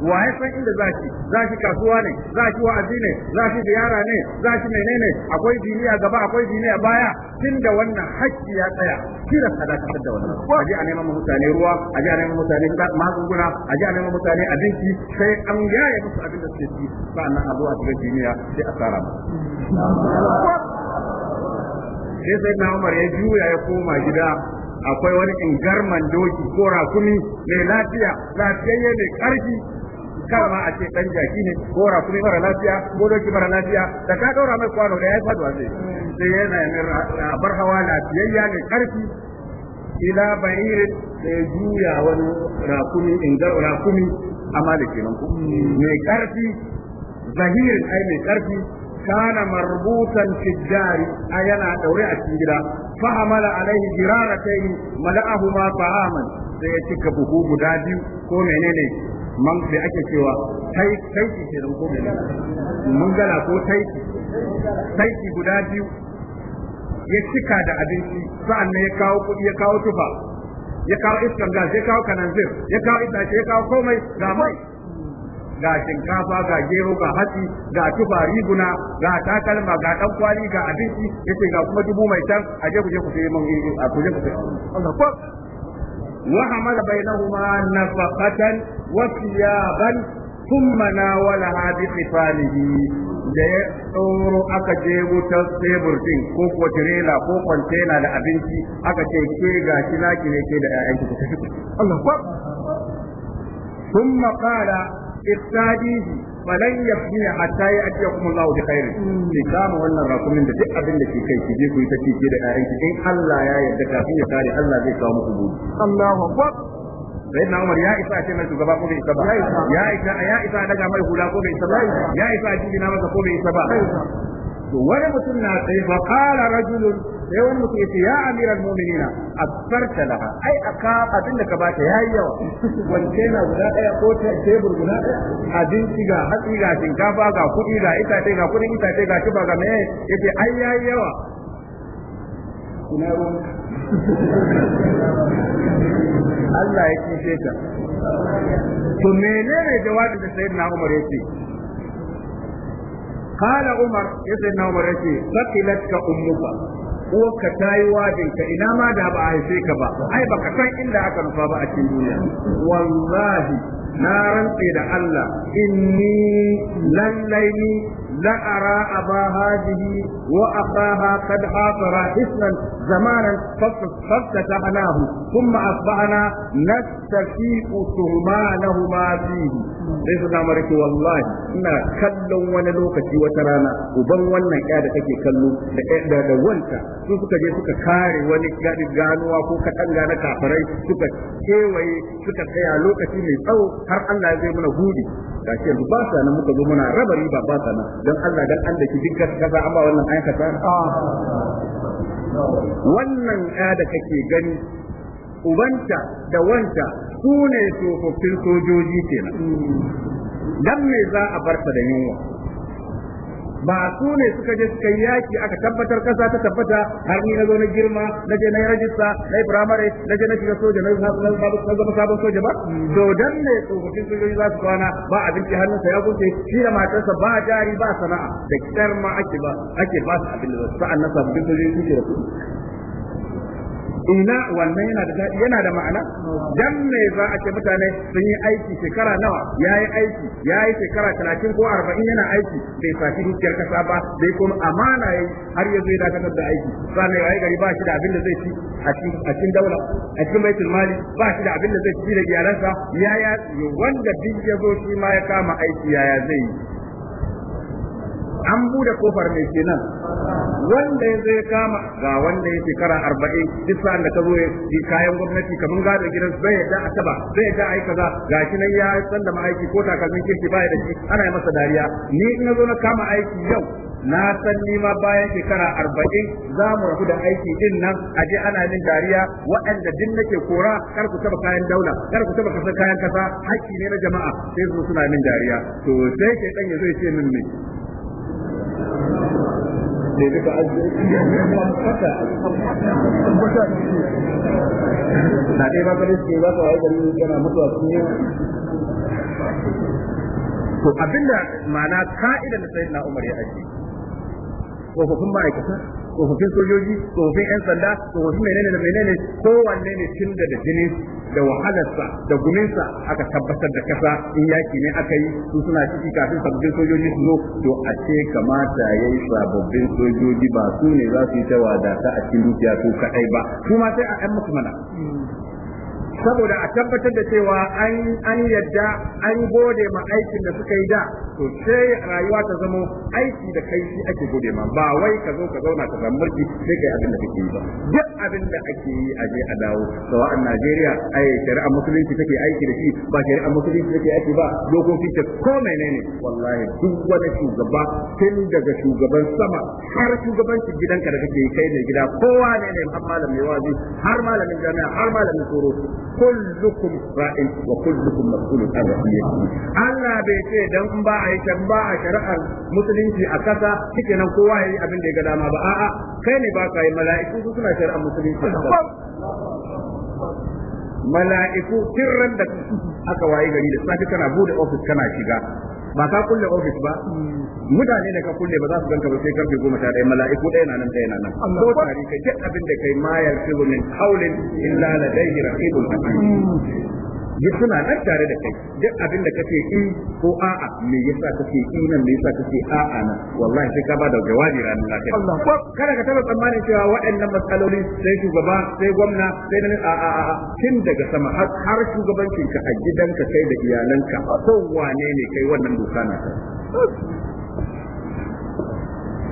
Wa ya san inda zaki zaki kasuwa ne zaki wa'azi ne zaki ziyara ne zaki menene akwai dini gaba akwai dini a baya da wannan hakki ya tsaya kira sadaka da wannan aje a neman mutane ruwa aje a neman mutane magunguna aje a neman mutane abinci sai an yaye musu abin da suke ci sa'annan a zuwa cikin duniya sai a tsara sai sai na Umar ya juya ya koma gida akwai wani ingarman doki ko rakumi mai lafiya lafiyayye mai karfi kar ma a ce dan jaki ne ko rakumi mara lafiya ko doki mara lafiya da ka dora mai kwano da yayi fadwa zai sai yana bar hawa lafiyayya ne karfi ila bayir da juya wani rakumi ingar rakumi amma da kenan ku mai karfi zahir ai mai karfi kana marbutan fi dari yana daure a cikin gida fa hamala alaihi jiraratayn mala'ahuma ta'aman sai ya cika buhu guda biyu ko menene man da ake cewa tai taiki ke ko ne mun gana ko taiki ki guda biyu ya cika da abinci sa'an nan ya kawo kuɗi ya kawo tufa ya kawo iskan gas ya kawo kananzir ya kawo itace ya kawo komai ga mai ga shinkafa ga gero ga hatsi ga tufa riguna ga takalma ga dan kwali ga abinci yace ga kuma dubu mai tan aje ku je ku sayi man eh, eh, a ku je ku sayi وحمل بينهما نفقة وثيابا ثم ناولها بخفانه da ya tsoro aka je wutar tebur din ko ko tirela ko kwantena da abinci aka ce ke ga shi naki ne ke da ƴaƴan ki Allah fa thumma qala iftadihi falan yafni hatta ya atiya kuma Allah bi khairi ki kama wannan rakumin da duk abin da ke kai ki je ku yi ta ci da ƴaƴan ki in Allah ya yarda kafin ya kare Allah zai kawo muku gudu Allahu akbar sai na Umar ya isa ce mai shugaba ko bai isa ba ya isa ya isa daga mai hula ko bai isa ba ya isa a na masa ko bai isa ba to wani mutum na sai fa qala rajulun sai wani mutum yace ya amira mu'minina asfarta laha ai aka abin da ka bata yayi yawa wance na guda daya ko ta tebur guda daya abinci ga hatsi ga shinkafa ga kudi ga itace ga ita itace ga kiba ga me yace ai yayi yawa ina Allah ya kishe ta to menene jawabin da sayyidina Umar yake qala umar yace na umar yace faqilatka ummuka uwarka ta yi wajinka ina ma da ba a haife ka ba ai baka san inda aka nufa ba a cikin duniya wallahi na rantse da Allah inni lallai ni لأرى أبا هذه وأخاها قد حاصرا حسنا زمانا فافتتحناه ثم أصبحنا نستفيق ثمانهما فيه ليس نعمرك والله إنا كلوا ونلوك في وترانا وبنونا كادة كي كلوا لإعدى لإعادة سوفك جيسك جي سوكا كاري ونكاري غانوا وكوكا تنغانا كافرين سوكا كيوي سوفك خيالوك لوكتي من هر الله زي من هودي لكن باسا نموكا زمنا ربري باباسا don Allah dan an da ki duk kaza an ba wannan aikata wannan ya da kake gani ubanta da wanta su ne tsofaffin sojoji kenan dan me za a barta da yunwa ba su ne suka je suka yi yaki aka tabbatar kasa ta tabbata har ni na zo na girma na je na yi rajista na yi firamare na je na shiga soja na zama sabon soja ba mm. to dan ne tsofaffin sojoji za su kwana ba abinci hannunsa ya goce shi da matarsa ba jari ba sana'a da kyar ma ake ba ake ba su abin da sa'an na sabbin sojoji suke da su ina wannan yana da yana da ma'ana dan me za a ce mutane sun yi aiki shekara nawa yayi aiki yayi shekara 30 ko 40 yana aiki bai fashi dukiyar kasa ba bai kuma amana yayi har ya zai dakatar da aiki sai yayi gari ba shi da abin da zai ci a cikin a cikin daula a cikin baitul mali ba shi da abin da zai ci da iyalansa yaya wanda duk ya zo shi ma ya kama aiki yaya zai yi an bude kofar mai kenan wanda ya zai kama ga wanda ya shekara arba'in duk sa'an da ka zo yi kayan gwamnati kamar gada gidan zai yadda a taba zai yadda a yi kaza ga shi nan ya sallama aiki ko takalmin kirki baya da shi ana yi masa dariya ni in na zo na kama aiki yau na san ni ma bayan shekara arba'in za mu rabu da aiki din nan a je ana yin dariya waɗanda din nake kora kar ku taba kayan daula kar ku taba kasa kayan kasa haƙƙi ne na jama'a sai su suna min dariya to sai ke ɗan ya zai ce min ne da ya duka na a ba kare suke ba ka waye gari yana mutuwa sun yi to abinda ma'ana ka'idar da na Umar ya ake tsofaffin ma'aikata tsofaffin sojoji tsofaffin yan sanda tsofaffin menene da menene kowanne ne tun da jini da wahalarsa da guminsa aka tabbatar da kasa in yaki ne aka yi su suna ciki kafin sabbin sojoji su zo to a ce kamata ya yi sababbin sojoji ba su ne za su yi ta wadata a cikin dukiya ko kaɗai ba Kuma sai a 'yan musu mana saboda a tabbatar da cewa an yadda an gode ma aikin da suka yi da to sai rayuwa ta zama aiki da kai shi ake gode ma ba wai ka zo ka zauna ka zama mulki sai kai abin da kake yi ba duk abin da ake yi a je a dawo Sawa an Najeriya ai shari'a musulunci take aiki da shi ba shari'a musulunci take aiki ba dokokin ta ko menene wallahi duk wani shugaba tun daga shugaban sama har shugabancin gidanka da kake kai ne gida kowa ne ne har malamin wazi har malamin jami'a har malamin tsoro kullukum ra'in wa kullukum mas'ulun an ra'iyatihi Allah bai ce dan ba a yi ba a shari'ar musulunci a kasa nan kowa yayi abin da ya ga dama ba a'a kai ne ba ka yi mala'iku su suna shari'ar musulunci a kasa mala'iku kirran da aka waye gari da safi kana bude office kana shiga ba ka kulle ofis ba mutane da ka kulle ba za su ganka ba sai karfe goma sha ɗaya mala'iku ɗaya na nan ɗaya na nan ko tare kai abin da kai mayar shi min kaulin illa ladayhi raqibun atim hmm. ya suna nan tare da kai duk abin da kake i ko a'a me yasa kake yi nan me yasa kake a'a nan wallahi sai ka bada jawabi ranar lafiya Allah ko kada ka taba tsammanin cewa waɗannan matsaloli sai shugaba sai gwamna sai nan a'a a'a tun daga sama har shugabancin ka a gidanka kai da iyalanka to wane ne kai wannan doka na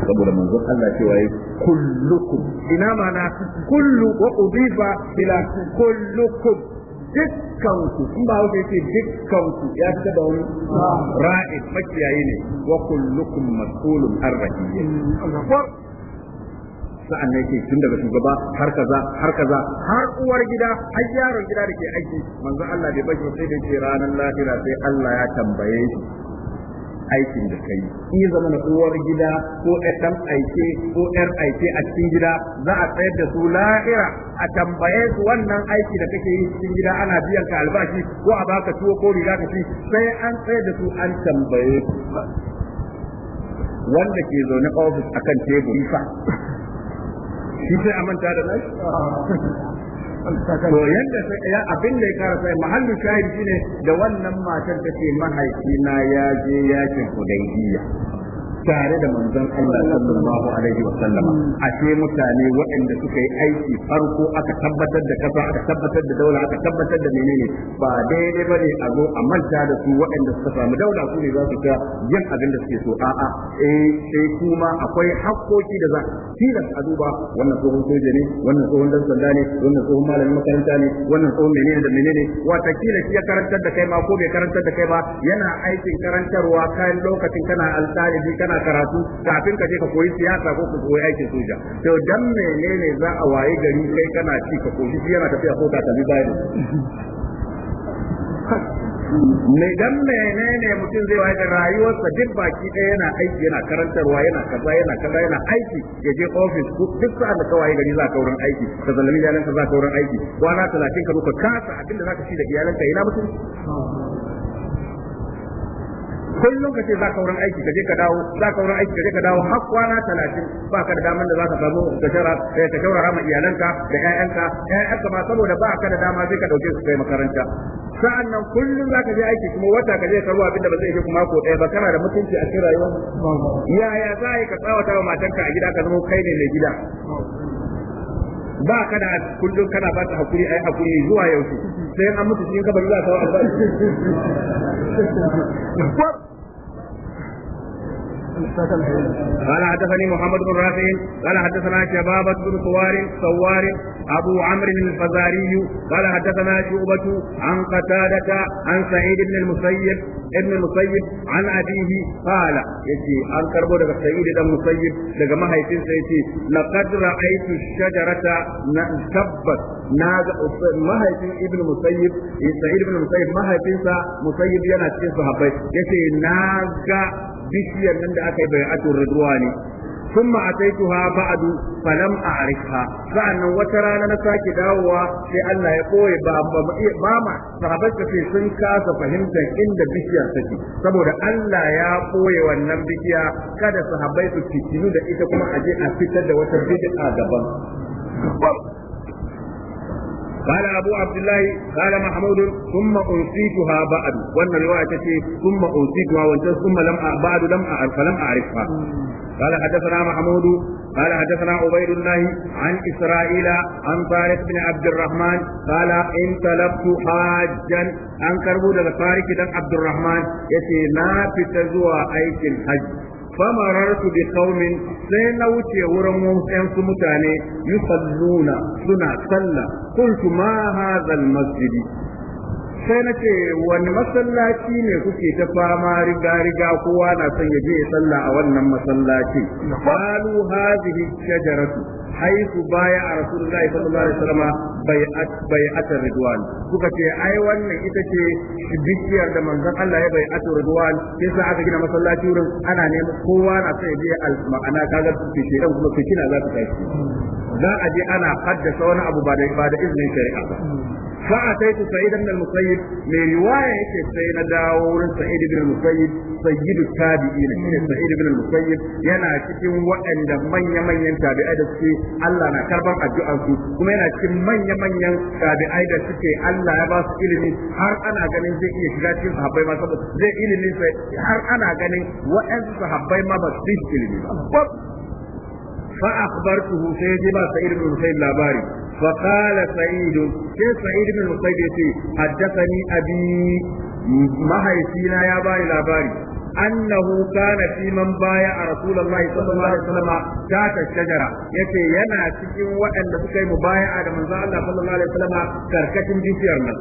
saboda manzon Allah cewa yi kullukum ina mana kullu wa udifa ila kullukum dukkan ku in ba hausa yace dukkan ku ya fita da wani ra'id makiyayi ne wa kullukum mas'ulun ar sa'an ne yake tun daga shugaba har kaza har kaza har uwar gida har yaron gida da ke aiki manzo Allah bai bashi sai da ce ranar lahira sai Allah ya tambaye shi aikin da kai in zama na uwar gida ko ɗan aike ko ɗan aike a cikin gida za a tsayar da su lahira a tambaye su wannan aiki da kake yi cikin gida ana biyan ka albashi ko a baka tuwo ko riga ka ci sai an tsayar da su an tambaye su. wanda ke zaune ofis akan teburi fa shi sai a manta da nashi to yanda ya abin da ya kara sai mahallu shahid shine da wannan matar take mahaifi na ya je yakin hudaybiya tare da manzon Allah sallallahu alaihi wa sallama ashe mutane waɗanda suka yi aiki farko aka tabbatar da kasa aka tabbatar da daula aka tabbatar da menene ba daidai ba ne a zo a manta da su waɗanda suka samu daula su ne za su ta yin abin da suke so a'a eh sai kuma akwai hakkoki da za tilas a duba wannan tsohon soja ne wannan tsohon dan sanda ne wannan tsohon malamin makaranta ne wannan tsohon menene da menene wata kila shi ya karantar da kai ma ko bai karantar da kai ba yana aikin karantarwa kayan lokacin kana altalibi kana Ka karatu kafin ka je ka koyi siyasa ko ka koyi aikin soja to dan menene za a waye gari kai kana ci ka koyi yana tafiya ko ka tafi bayan Me dan menene mutum zai waye rayuwarsa duk baki ɗaya yana aiki yana karantarwa yana kaza yana kaza yana aiki ya je office ko duk sa da kawai gari za ka wurin aiki ka zalimi iyalan ka za ka wurin aiki kwana talatin ka zo kasa abinda za ka ci da iyalanka ina mutum kullum ka ce za ka wurin aiki ka je ka dawo za ka wurin aiki ka je ka dawo har kwana talatin ba ka da damar da za ka samu ka shara eh, ka shawara iyalanka da ƴaƴanka ƴaƴanka ma saboda ba ka da dama sai ka dauke su kai makaranta Sa'an nan kullum za ka je aiki kuma wata ka je ka ruwa abinda ba zai yi kuma ko ɗaya ba kana da mutunci a cikin rayuwa yaya za a yi ka tsawata wa matanka a gida ka zama kai ne mai gida ba ka da kullum kana ba ta hakuri ai hakuri zuwa yau sai an mutu ka kabari za ta ba قال حدثني محمد بن رافع قال حدثنا شبابة بن ثوار ثوار أبو عمرو الفزاري قال حدثنا شعبة عن قتادة عن سعيد بن المسيب ابن المسيب عن أبيه قال يتي عن كربو دغ سعيد بن المسيب دغ ما هيتين سيتي لقد رأيت الشجرة تبت ناغ ما هيتين ابن المسيب سعيد بن المسيب ما هيتين مسيب yana cikin sahabbai yace na ga bishiyar nan da aka yi bai atun ruwa ne sun tuha ha ba'adu falam a arika nan wata rana na sake dawowa sai Allah ya koye ba ba ma sahabat ka sai sun kasa fahimtar inda bishiya take saboda Allah ya koye wannan bishiya kada sahabai su fitinu da ita kuma aje a fitar da wata bid'a daban قال أبو عبد الله قال محمود ثم أنسيتها بعد وأن الرواية ثم أنسيتها ثم لم بعد لم أعرف فلم أعرفها قال حدثنا محمود قال حدثنا عبيد الله عن إسرائيل عن طارق بن عبد الرحمن قال انطلقت حاجا عن كربو طارق بن عبد الرحمن يتي ما في تزوى أيك الحج famarartu bi qaumin sai na wuce wurin 'yansu mutane yusalluna suna sallah kun ma hadha masjid sai na ce wani masallaci ne kuke ta fama riga riga kowa na son ya je sallah a wannan masallaci qalu hadhihi shajararsu. haifu baya a rasulullahi sallallahu alaihi wasallam bai'at bai'at ridwan suka ce ai wannan ita ce bishiyar da manzon Allah ya bai bai'at ridwan yasa aka gina masallaci wurin ana neman kowa na sai je al-ma'ana kaga don kuma kina za ta tashi za a je ana haddasa wani abu ba da izinin shari'a fa ataitu sa'id ibn al-musayyib mai riwaya yake sai na dawo wurin sa'id ibn al-musayyib sayyidu tabi'in shine sa'id ibn al-musayyib yana cikin waɗanda manya manyan tabi'ai suke Allah na karban addu'ar su kuma yana cikin manya manyan tabi'ai da suke Allah ya ba su ilimi har ana ganin zai iya shiga cikin zai sai har ana ganin waɗansu sahabbai ma ba ilimi ba fa akhbartuhu sai ji ba sa'id ibn musayyib labari fa qala sa'id sai sa'id ibn musayyib yace haddathani abi mahaifina ya bani labari أنه كان في من بايع رسول الله صلى الله عليه وسلم ذات الشجرة يتي ينا تكين وأن تكي مبايعة من الله صلى الله عليه وسلم كركة بشيرنا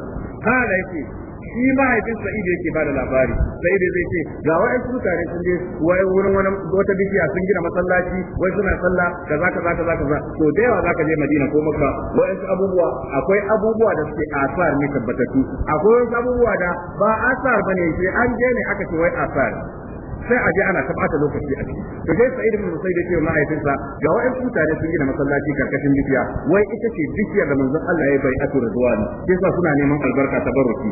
قال يتي shi mahaifin sa'id yake bada labari sa'id zai ce ga wa'ai su mutane sun je wai wurin wani wata bishiya sun gina masallaci wai suna sallah kaza kaza kaza kaza to da yawa zaka je madina ko makka wai abubuwa akwai abubuwa da suke asar ne tabbatattu akwai wasu abubuwa da ba asar bane sai an je ne aka ce wai asar sai a je ana ta bata lokaci a ciki to dai sa'id ibn musayyib yake mahaifinsa ga wa'in mutane sun gina masallaci karkashin bishiya wai ita ce bishiyar da manzon Allah ya bai atu ridwani sai suna neman albarka ta baraki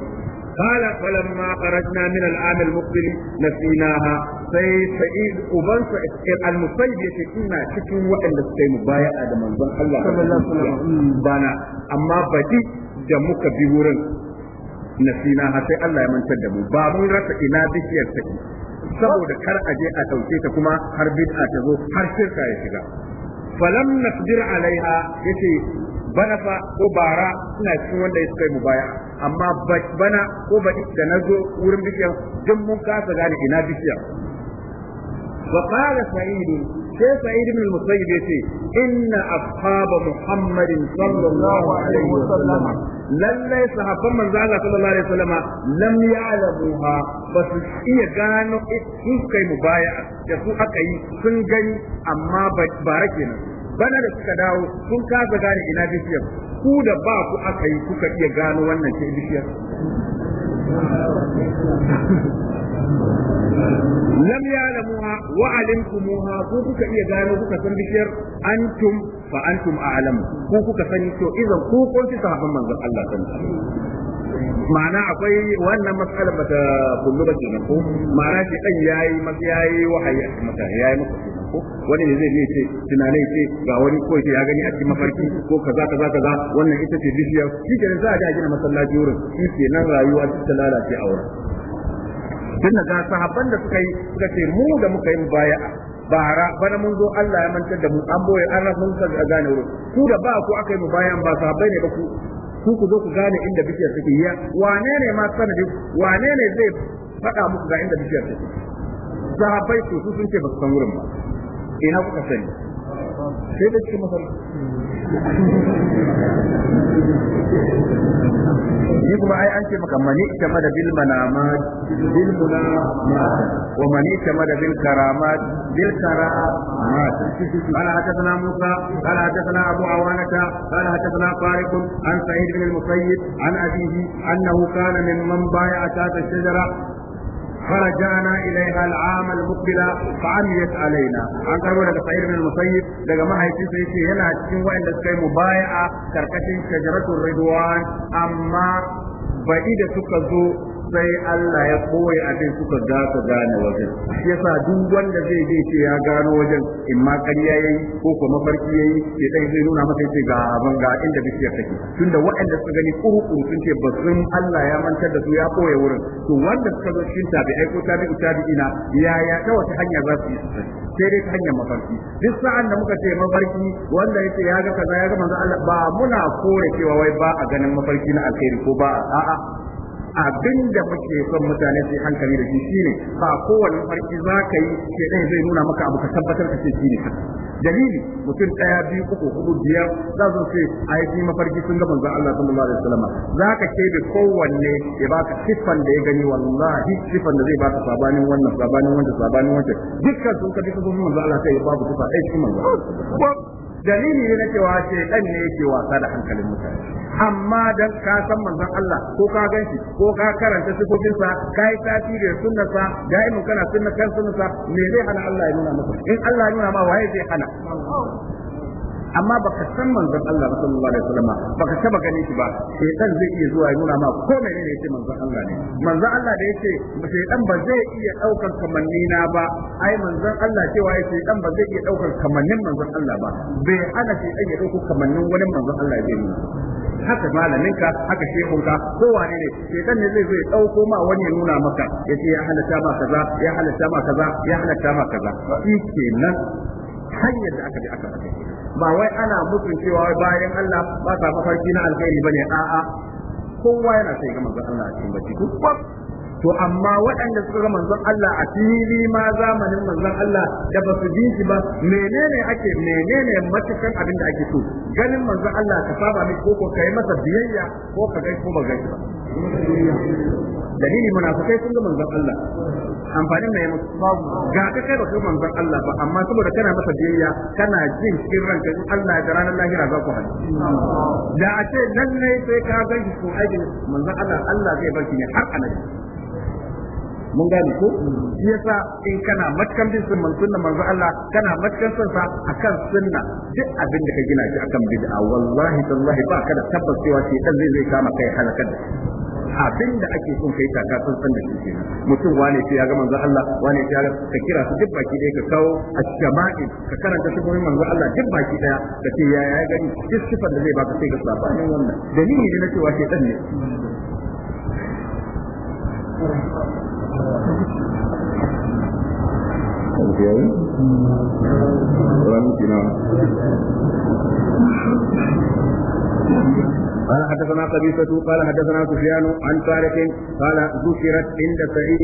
قال فلما خرجنا من العام المقبل نسيناها sai sa'id uban sa'id al-musayyib yace ina cikin waɗanda suka yi mubaya'a da manzon Allah sallallahu alaihi wasallam amma badi da muka bi wurin nasina har sai Allah ya mantar da mu ba mun rasa ina bishiyar take saboda kar a je a ɗauke ta kuma har bid'a ta zo har shirka ya shiga falam nasbir alaiha yace bana fa ko bara suna cikin wanda ya kai mu baya amma bana ko ba da na zo wurin bishiyar duk mun kasa gane ina bishiyar wa qala sa'idu sai sa'id ibn al-musayyib yace inna ashab muhammadin sallallahu alaihi wasallam lalle sahabban manzo Allah sallallahu alaihi wasallam lam ya'lamuha ba su iya gano su kai mubaya da su aka yi sun gani amma ba kenan bana da suka dawo sun kasa gane ina bishiyar ku da ba ku aka yi kuka iya gano wannan bishiyar lam ya'lamuha wa alimtumuha ko kuka iya gano kuka san bishiyar antum fa antum a'lamu ko kuka sani to idan ku kun ci sahabban Allah sallallahu ma'ana akwai wannan mas'ala bata kullu ba kenan wani ne zai ce tunanai ce ga wani ko ya gani a cikin mafarki ko kaza kaza kaza wannan ita ce bishiya shi kenan za a ji a gina masallaci wurin shi kenan rayuwa ta lalace a wurin tunda ga sahabban da suka yi suka ce mu da muka yi ba bara bana mun zo Allah ya mantar da mu an boye an rafa mun ka gane wurin ku da ba ku aka yi bayan ba sahabbai ne ba ku ku ku zo ku gane inda bishiyar take ya wane ne ma sanadi wane ne zai faɗa muku ga inda bishiyar take sahabbai su su sun ce ba su san wurin ba ina kuka sani sai da cikin masallaci shi kuma ai an ce maka mani ta da bil manamat bil munamat wa mani tama da bil karamat bil karamat qala hadathana musa qala hadathana abu awanata qala hadathana fariq an sa'id bin al-musayyib an abihi annahu kana mimman bai'a ta shajara فرجعنا إليها العام المقبل فعميت علينا عن قرر لك سعيد بن المسيب لك ما هي تسيتي هنا تكون وإن لسكي مبايعة كركش شجرة الرضوان أما بعيد سكزو sai Allah ya koya abin suka ka gane wajen shi yasa duk wanda zai je ce ya gano wajen in ma ƙarya yayi ko kuma mafarki yayi sai dai zai nuna masa ce ga abin ga inda bishiyar take tunda waɗanda suka gani kurukun sun ce ba sun Allah ya mantar da su ya koya wurin to wanda suka zo cikin ai ko tabi'u ina ya ya ta wata hanya za su yi su sai dai ta hanyar mafarki duk sa'an da muka ce mafarki wanda yace ya ga kaza ya ga manzo Allah ba muna kore cewa wai ba a ganin mafarki na alheri ko ba a'a abin da muke son mutane su hankali da shi shine ba kowane farki za ka yi ke ɗan zai nuna maka abu ka tabbatar ka ce shi ne dalili mutum ɗaya biyu uku hudu biyar za su ce a yi mafarki sun ga manzon Allah sallallahu alaihi wasallam za ka ce da kowanne ya baka sifan da ya gani wallahi sifan da zai baka sabanin wannan sabanin wancan sabanin wancan dukkan sun ka bi sun zo manzon Allah sai ya babu sifa ɗaya shi manzon dalili ne na cewa ce ɗan ne yake wasa da hankalin mutane amma dan ka san manzon Allah ko ka ganshi ko ka karanta sifofin sa kai ta da sunnar sa daimin kana sunnar kan sunnar sa me zai hana Allah ya nuna maka in Allah ya nuna ma waye zai hala. amma baka san manzon Allah sallallahu alaihi wasallam baka taba gane shi ba shaytan zai iya zuwa ya nuna ma ko menene yace manzon Allah ne manzon Allah da yace shaytan ba zai iya daukar kamanni na ba ai manzon Allah cewa ai shaytan ba zai iya daukar kamannin manzon Allah ba bai ana shaytan ya dauko kamannin wani manzon Allah ya yi haka malaminka haka shehunka ko wane ne shaytan ne zai zo ya dauko ma wani ya nuna maka yace ya halatta ma kaza ya halatta ma kaza ya halatta ma kaza shi kenan hanyar da aka bi aka fada ba wai ana mutum cewa bayan Allah ba sa mafarki na alkhairi bane a'a kowa yana sai ga manzon Allah a cikin bacci kuma to amma waɗanda suka ga manzon Allah a fili ma zamanin manzon Allah da ba su ji ba menene ake menene matakan abin da ake so ganin manzon Allah ka saba mai ko ko kai masa biyayya ko ka gaishe ko ba gaishe ba dalili munafikai sun ga manzon Allah amfanin mai musu babu ga ka kai baka manzon Allah ba amma saboda kana masa biyayya kana jin cikin ranka in Allah da ranar lahira za ku haɗu da a ce nan ne sai ka gan shi ko aikin manzon Allah Allah zai bar ne har annabi mun gane ko shi yasa in kana matkan bin sunnan sunnan manzo Allah kana matkan son sa akan sunna duk abin da ka gina shi akan bid'a wallahi tallahi ba ka da tabbas cewa shi dan zai zai kama kai halakar da ake son kai taka san da shi mutum wane sai ya ga manzo Allah wane sai ya ga ka kira su duk baki ɗaya ka kawo a jama'i ka karanta sifofin manzo Allah duk baki ɗaya ka ce ya ya gani duk sifar da zai baka sai ga sabanin wannan dalili ne na cewa shedan ne Thank you. قال حدثنا قبيصة قال حدثنا سفيان عن طارق قال ذكرت عند سعيد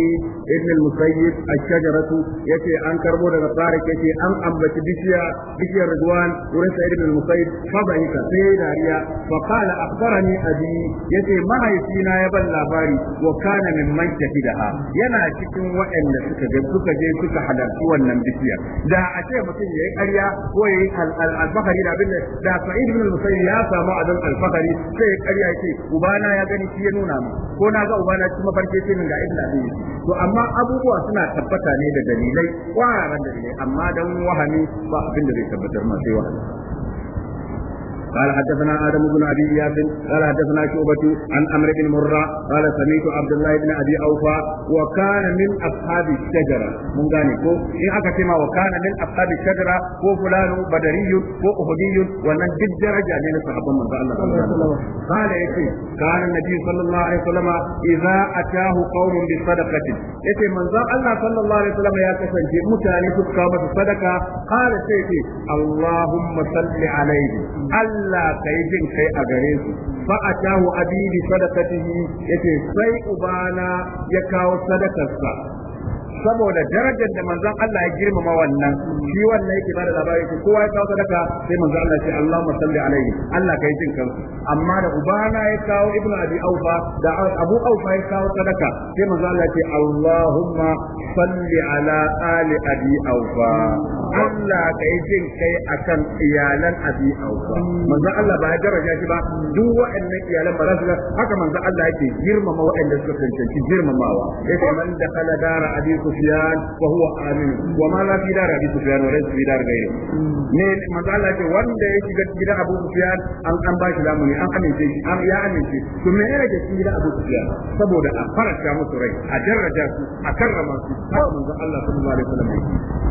ابن المسيب الشجرة يتي عن كربو daga طارق يتي أم أم بشيا بشيا رضوان ورسى ابن المسيب فضحك سيداريا فقال أخبرني أبي يتي ما يسينا يبل لاباري وكان من من شهدها yana cikin waɗanda suka je suka je suka halarci wannan bishiyar da a ce mutum yayi ƙarya ko yayi al-albakari da abin da sa'id ibn musayyib ya samu abin al-fakari sai ya karya ce ubana ya gani shi ya nuna mu, ko na ga ubana shi mafarki ce min ga ibn abi to amma abubuwa suna tabbata ne da dalilai kwaran dalilai amma dan wahani, ba abin da zai tabbatar ma sai wahani قال حدثنا آدم بن أبي إياس قال حدثنا شعبة عن أمر بن مرة قال سميت عبد الله بن أبي أوفى وكان من أصحاب الشجرة من غانيكو إن أكتما وكان من أصحاب الشجرة هو فلان بدري وأهدي ومن بالدرجة من صحابة من الله قال يسي كان النبي صلى الله عليه وسلم إذا أتاه قوم بصدقة يسي من الله صلى الله عليه وسلم يا كسنجي متاني سبقا صدقة قال سيدي اللهم صل عليه Allah yi jin kai a gare su fa a abi abidi sadakatihi yace sai ubana ya kawo sadakarsa saboda darajar da manzon Allah ya girmama wannan shi wannan yake bada labari ko kowa ya kawo sadaka sai manzon Allah ya ce Allahumma salli alaihi Allah kai jin kansu amma da ubana ya kawo ibnu abi aufa da abu aufa ya kawo sadaka sai manzon Allah ya ce Allahumma salli ala ali abi aufa Allah kai jin kai akan iyalan abi aufa manzon Allah ba ya daraja shi ba duk waɗannan iyalan ba za su haka manzon Allah yake girmama waɗanda suka cancanci girmamawa yace man da kala dara abi سفيان وهو آمن وما لا في دار أبي سفيان وليس في دار غيره من مسألة وان دا يشجد في دار أبو سفيان أن أن باش لا مني أن أمن شيء أم يا أمن شيء ثم يرجع في دار أبو سفيان سبودا أفرش يا مسري أجر جاسو أكرم الله صلى الله عليه وسلم